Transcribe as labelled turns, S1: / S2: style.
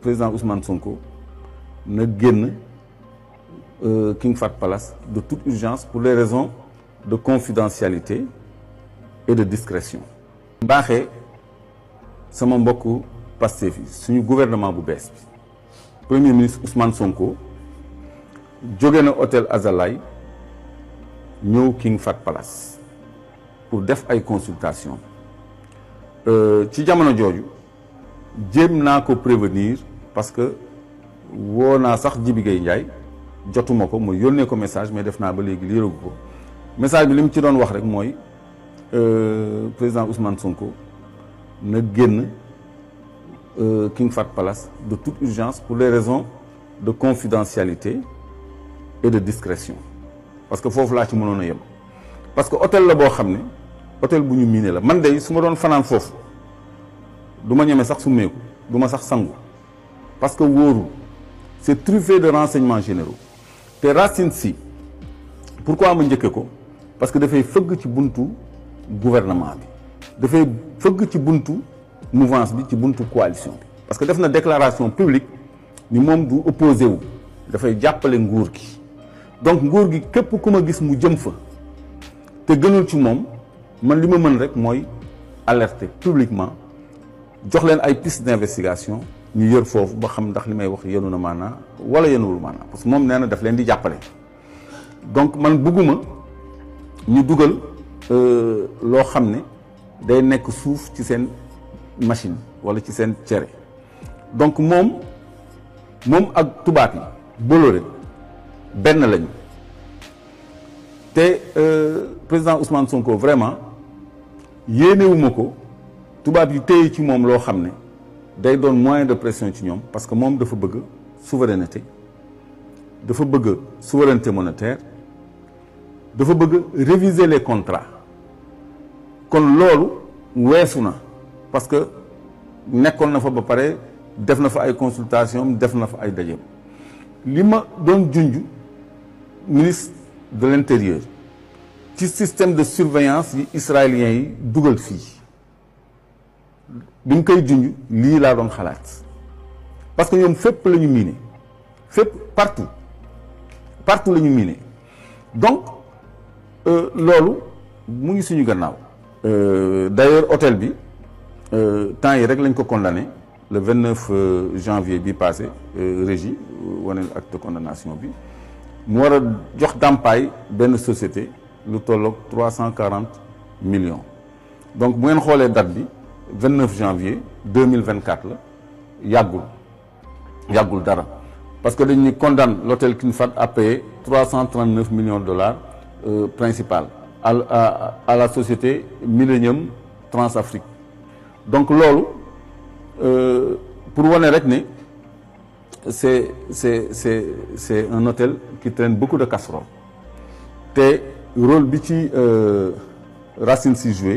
S1: président Ousmane Sonko na gagne euh, King Fat Palace de toute urgence pour les raisons de confidentialité et de discrétion. mbaaxee sama mbokku Pastef yi suñu gouvernement Le premier ministre Ousmane Sonko jóge na hôtel Azalai ñëw King Fat Palace pour def ay consultation euh, ci jamono je naa ko prévenir parce que woo naa sax Jibi Gueye Ndiaye jotuma ko mu yónnee ko message mais def naa ba léegi liiragu ko message bi li mu ci doon wax rek mooy euh, président Ousmane Sonko na génn euh, King Fat Palace de toute urgence pour les raisons de confidentialité et de discrétion parce que foofu laa ci mënoon a yem parce que hôtel la boo xam hôtel bu ñu la man day su ma doon fanaan duma ma je sax summeeku sax sangu parce que Woro, c'est truffé de renseignements généraux te Racine pourquoi ma njëkke ko parce que dafay fëgg ci buntu gouvernement bi dafay fëgg ci buntu mouvance coalition parce que def na déclaration publique ni moom du opposé wu dafay jàppale nguur gi donc nguur gi je ku ma gis mu jëm te gënul ci man ma rek publiquement jox leen ay piste d'investigation ñu yër foofu ba xam ndax li may wax yenu na maanaa wala yenuwul maanaa parce que moom nee na daf leen di jàppale donc man bëgguma ñu dugal euh, loo xam ne day nekk suuf ci seen machine wala ci seen cere donc moom moom ak tubaab yi Bolloré benn lañu te euh, président Ousmane Sonko vraiment yéenewuma ko Tout le monde ci moom loo a day de pression ci ñoom parce que moom dafa bëgg souveraineté dafa bëgg souveraineté monétaire dafa bëgg réviser les contrats kon loolu weesu ça. parce que nekkoon na fa ba pare def na fa ay consultation def na fa ay dajeem que don ministre de l'intérieur ci système de surveillance israélien yi dugal fi bi ñu koy junj lii laa doon xalaat parce que ñoom fépp la ñu miine fépp partout partout la ñu miine donc euh, loolu mu ngi suñu gannaaw. Euh, d'ailleurs hôtel bi euh, temps yi rek lañ ko condamné le 29 janvier bi passé régie wane acte de condamnation bi mu war a jox dàmpaay benn société lu tolloog 340 millions donc bu ngeen xoolee date bi. 29 janvier 2024 Yagoul. yagoul parce que nous condamne l'hôtel Kinfat à payer 339 millions de dollars euh, principal à, la société Millennium Transafrique donc lolo euh, pour vous rek c'est un hôtel qui traîne beaucoup de casseroles le rôle euh, Racine si